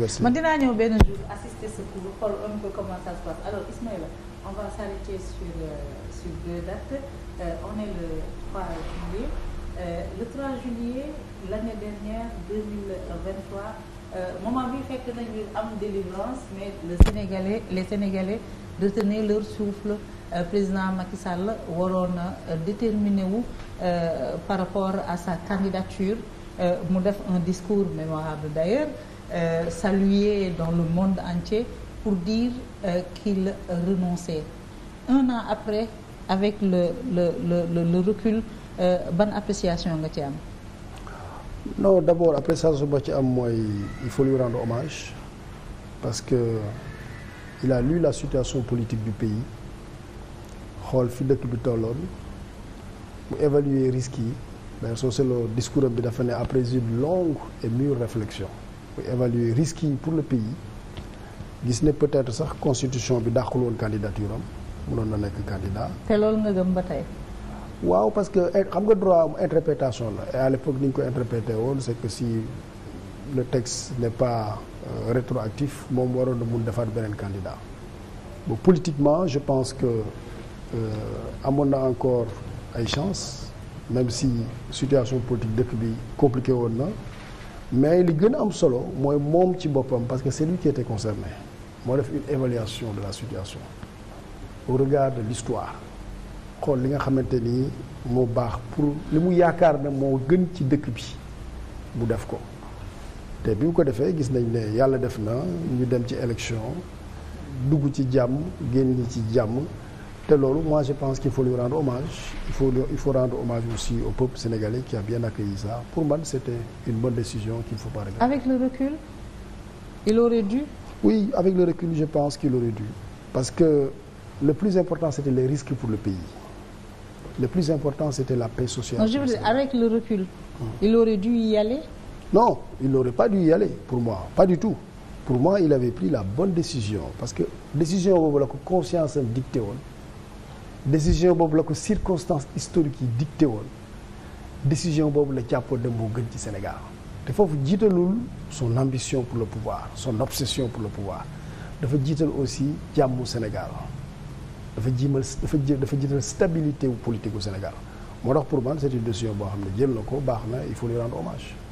merci man dinaa ñëw benn jour assister ce cours xool un peu comment ça se Ismaïla on va s'arrêter sur euh, deux dates euh, on est le 3 juillet euh, le juillet l'année dernière moment bi fekk nañu am délivrance mais le Sénégalais les Sénégalais retenaient leur souffle président Macky Sall waroon na euh, déterminé wu par rapport à sa candidature mu def un discours mémorable d'ailleurs euh, salué dans le monde entier pour dire euh, qu'il renonçait un an après avec le le le le, le recul euh, ban appréciation nga ci am. non d'abord appréciation ba ci am mooy il faut lui rendre hommage parce que il a lu la situation politique du pays xool fi dëkk bi tolloon mu évaluer risques yi d'ailleurs soo seetloo discours bi dafa ne après une longue et mûre réflexion. évaluer risques yi pour le pays gis ne peut-être sax constitution bi dàqul woon candidature na nekk candidat. te loolu nga gëm ba tey. waaw parce que xam nga droit am interprétation la et à l'époque ni ñu ko interprété woon c'est que si le texte n'est pas euh, rétroactif moom waroon na mun defaat beneen candidat bon politiquement je pense que euh, amoon na encore ay chance même si situation politique dëkk bi compliqué woon na. mais li gën a am solo mooy moom ci boppam parce que c'est lui qui était concerné moo def une évaluation de la situation au regard de l'histoire xool li nga xamante ni moo baax pour li mu yaakaar ne moo gën ci dëkk bi mu def ko te bi mu ko defee gis nañ ne yàlla def na ñu dem ci élection dugg ci jàmm génn ci jàmm te loolu moi je pense qu'il faut lui rendre hommage il faut il faut rendre hommage aussi au peuple sénégalais qui a bien accueilli ça une bonne décision qu'il ne faut pas regretter. avec le recul il aurait dû. oui avec le recul je pense qu'il aurait dû parce que le plus important les risques pour le pays le plus important c'était la paix sociale. non je veux avec le recul. il aurait dû y aller. non il n'aurait pas dû y aller pour moi pas du tout. pour moi il avait pris la bonne décision parce que décision boobu la ko conscience am woon. décision boobu la ko circonstance historique yi dicté woon décision boobu la jàppoon dem moo gën ci Sénégal te foofu jiitalul son ambition pour le pouvoir son obsession pour le pouvoir dafa jiital aussi jàmmu Sénégal dafa jiimal dafa dafa jiital stabilité wu politique gu Sénégal moo tax pour man c'est une décision boo xam ne jël na ko baax na il faut lui rendre hommage